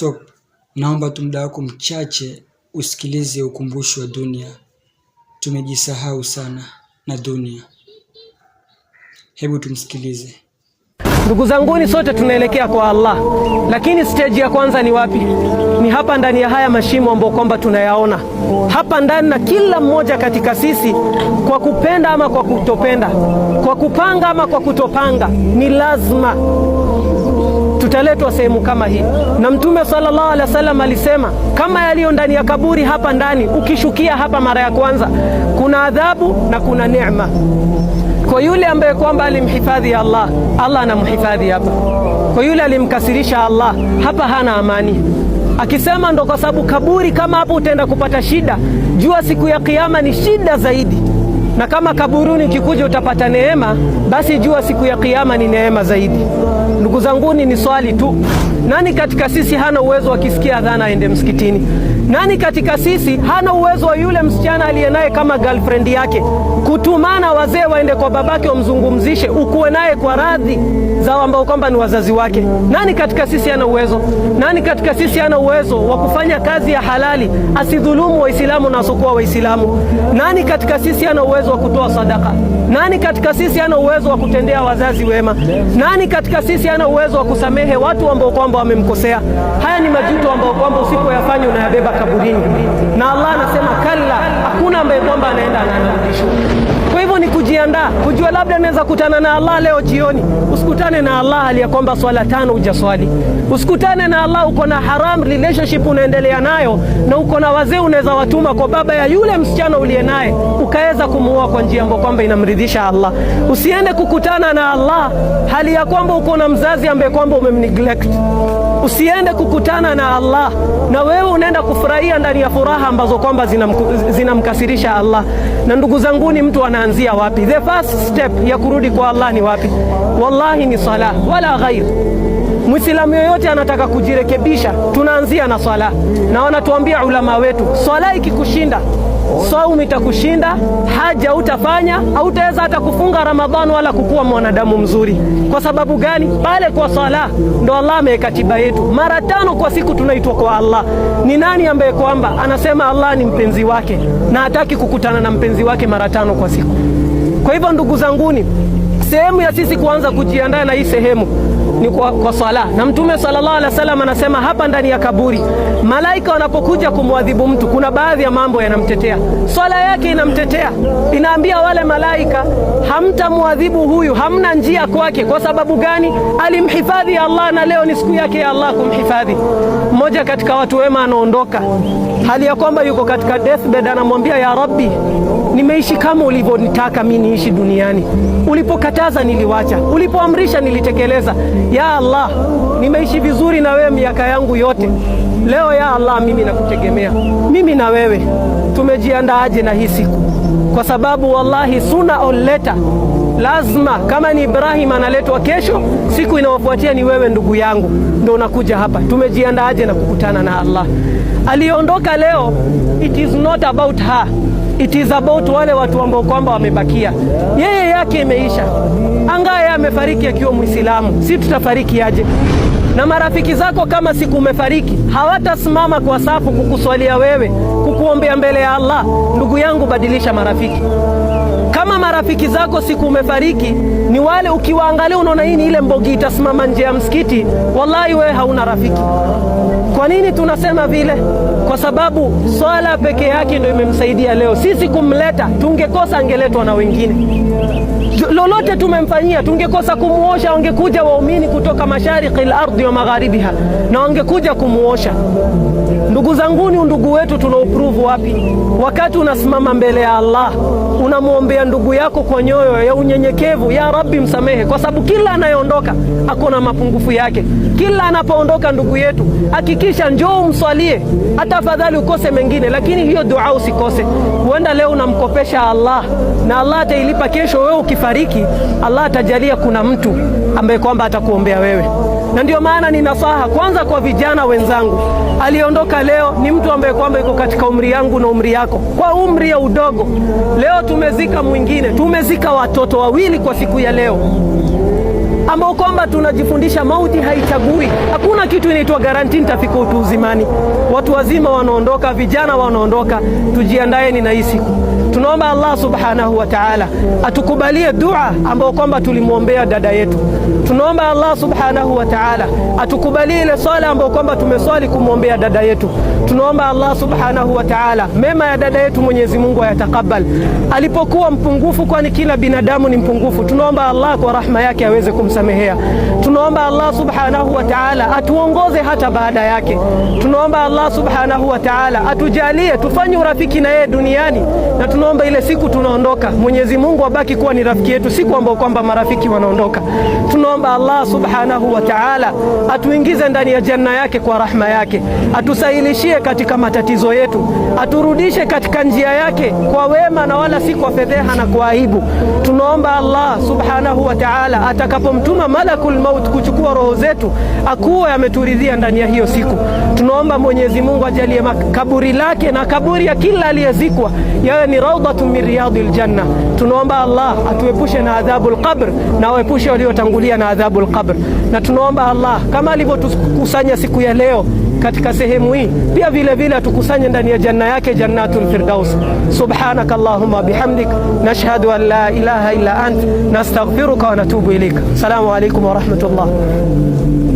Stop. Naomba tu muda wako mchache usikilize ukumbusho wa dunia. Tumejisahau sana na dunia. Hebu tumsikilize. Ndugu zanguni, sote tunaelekea kwa Allah, lakini steji ya kwanza ni wapi? Ni hapa ndani ya haya mashimo ambayo kwamba tunayaona hapa ndani, na kila mmoja katika sisi kwa kupenda ama kwa kutopenda, kwa kupanga ama kwa kutopanga, ni lazima tutaletwa sehemu kama hii. Na Mtume sallallahu alaihi wasallam alisema kama yaliyo ndani ya kaburi, hapa ndani ukishukia hapa mara ya kwanza, kuna adhabu na kuna neema kwa yule ambaye kwamba alimhifadhi Allah, Allah anamhifadhi hapa. Kwa yule alimkasirisha Allah, hapa hana amani, akisema ndo kwa sababu kaburi kama hapo utaenda kupata shida. Jua siku ya Kiyama ni shida zaidi na kama kaburuni ukikuja utapata neema, basi jua siku ya Kiyama ni neema zaidi. Ndugu zanguni, ni swali tu, nani katika sisi hana uwezo wa kisikia adhana aende msikitini? Nani katika sisi hana uwezo wa yule msichana aliye naye kama girlfriend yake kutumana wazee waende kwa babake wamzungumzishe, ukuwe naye kwa radhi za ambao kwamba ni wazazi wake. Nani katika sisi ana uwezo? Nani katika sisi ana uwezo wa kufanya kazi ya halali, asidhulumu Waislamu na asokuwa Waislamu? Nani katika sisi ana uwezo wa kutoa sadaka? Nani katika sisi ana uwezo wa kutendea wazazi wema? Nani katika sisi ana uwezo wa kusamehe watu ambao kwamba wamemkosea? Haya ni majuto ambao kwamba usipoyafanya unayabeba kaburini, na Allah anasema kalla, hakuna ambaye kwamba anaenda anarudishwa kujiandaa, kujua labda naweza kutana na Allah leo jioni. Usikutane na Allah hali ya kwamba swala tano hujaswali. Usikutane na Allah uko na haram relationship unaendelea nayo, na uko na wazee unaweza watuma kwa baba ya yule msichana uliye naye ukaweza kumuoa kwa njia ambayo kwamba inamridhisha Allah. Usiende kukutana na Allah hali ya kwamba uko na mzazi ambaye kwamba umemneglect. Usiende kukutana na Allah na wewe unaenda kufurahia ndani ya furaha ambazo kwamba zinamkasirisha zina Allah. Na ndugu zanguni, mtu anaanzia wapi? The first step ya kurudi kwa Allah ni wapi? Wallahi ni sala, wala ghair. Mwislamu yoyote anataka kujirekebisha, tunaanzia na swala, na wanatuambia ulama wetu, swala ikikushinda saumu itakushinda, haja hautafanya, hautaweza hata kufunga Ramadhani wala kukuwa mwanadamu mzuri. Kwa sababu gani? Pale kwa sala ndo Allah ameweka tiba yetu. Mara tano kwa siku tunaitwa kwa Allah. Ni nani ambaye kwamba anasema Allah ni mpenzi wake na hataki kukutana na mpenzi wake mara tano kwa siku? Kwa hivyo ndugu zanguni sehemu ya sisi kuanza kujiandaa na hii sehemu ni kwa, kwa sala na Mtume sallallahu alaihi wasallam anasema hapa ndani ya kaburi malaika wanapokuja kumwadhibu mtu, kuna baadhi ya mambo yanamtetea, swala yake inamtetea, inaambia wale malaika hamtamwadhibu huyu, hamna njia kwake. Kwa sababu gani? Alimhifadhi Allah na leo ni siku yake ya Allah kumhifadhi. Mmoja katika watu wema anaondoka hali ya kwamba yuko katika deathbed, anamwambia ya Rabbi, nimeishi kama ulivyonitaka mimi niishi duniani ulipokata ulipokataza niliwacha, ulipoamrisha nilitekeleza. Ya Allah, nimeishi vizuri na wewe miaka yangu yote. Leo ya Allah, mimi nakutegemea. Mimi na wewe tumejiandaaje na hii siku? Kwa sababu wallahi, suna oleta lazima kama ni Ibrahim analetwa kesho, siku inayofuatia ni wewe ndugu yangu, ndio unakuja hapa. Tumejiandaaje na kukutana na Allah? Aliondoka leo, it is not about her It is about wale watu ambao kwamba wamebakia, yeye yake imeisha, angaye amefariki akiwa Muislamu, si tutafariki aje? Na marafiki zako kama siku umefariki hawatasimama kwa safu kukuswalia wewe, kukuombea mbele ya Allah. Ndugu yangu, badilisha marafiki. Kama marafiki zako siku umefariki ni wale ukiwaangalia unaona hii ni ile mbogi itasimama nje ya msikiti, wallahi wewe hauna rafiki. Kwa nini tunasema vile? kwa sababu swala peke yake ndio imemsaidia leo. Sisi kumleta tungekosa, angeletwa na wengine. Lolote tumemfanyia tungekosa kumuosha, wangekuja waumini kutoka mashariki al-ardhi wa magharibiha na wangekuja kumuosha. Ndugu zanguni, undugu wetu tuna upruvu wapi? Wakati unasimama mbele ya Allah unamwombea ndugu yako kwa nyoyo ya unyenyekevu, ya Rabbi msamehe, kwa sababu kila anayeondoka ako na mapungufu yake. Kila anapoondoka ndugu yetu hakikisha njoo umswalie hata afadhali ukose mengine, lakini hiyo dua usikose. Huenda leo unamkopesha Allah na Allah atailipa kesho. Wewe ukifariki, Allah atajalia kuna mtu ambaye kwamba atakuombea wewe, na ndio maana ni nasaha kwanza kwa vijana wenzangu. Aliondoka leo ni mtu ambaye kwamba yuko katika umri yangu na umri yako, kwa umri ya udogo. Leo tumezika mwingine, tumezika watoto wawili kwa siku ya leo ambao kwamba tunajifundisha mauti haichagui. Hakuna kitu inaitwa garanti nitafika utu uzimani. Watu wazima wanaondoka, vijana wanaondoka, tujiandaeni na hii siku. Tunaomba Allah subhanahu wa ta'ala atukubalie dua ambayo kwamba tulimwombea dada yetu. Tunaomba Allah subhanahu wa ta'ala atukubalie ile swala ambayo kwamba tumeswali kumwombea dada yetu. Tunaomba Allah subhanahu wa ta'ala mema ya dada yetu Mwenyezi Mungu ayatakabal, Alipokuwa mpungufu, kwani kila binadamu ni mpungufu, tunaomba Allah kwa rahma yake aweze kumsamehea. Tunaomba Allah subhanahu wa ta'ala atuongoze hata baada yake. Tunaomba Allah subhanahu wa ta'ala atujalie tufanye urafiki na yeye duniani na tunaomba ile siku tunaondoka, Mwenyezi Mungu abaki kuwa ni rafiki yetu, si kwamba kwamba marafiki wanaondoka. Tunaomba Allah subhanahu wa ta'ala atuingize ndani ya janna yake kwa rahma yake, atusahilishie katika matatizo yetu, aturudishe katika njia yake kwa wema na wala si kwa fedheha na kwa aibu. Tunaomba Allah subhanahu wa ta'ala atakapomtuma malakul maut kuchukua roho zetu akuwe ameturidhia ndani ya hiyo siku. Tunaomba Mwenyezi Mungu ajalie kaburi lake na kaburi ya kila aliyezikwa yawe ni raudhatun min riyadi ljanna. Tunaomba Allah atuepushe na adhabu lqabr na awaepushe waliotangulia na adhabu lqabr, na tunaomba Allah kama alivyotukusanya siku ya leo katika sehemu hii pia vile vile atukusanye ndani ya janna yake jannatul firdaus. Subhanaka allahumma bihamdik nashhadu an la ilaha illa ant nastaghfiruka wa natubu ilaik. Assalamu alaykum wa rahmatullah.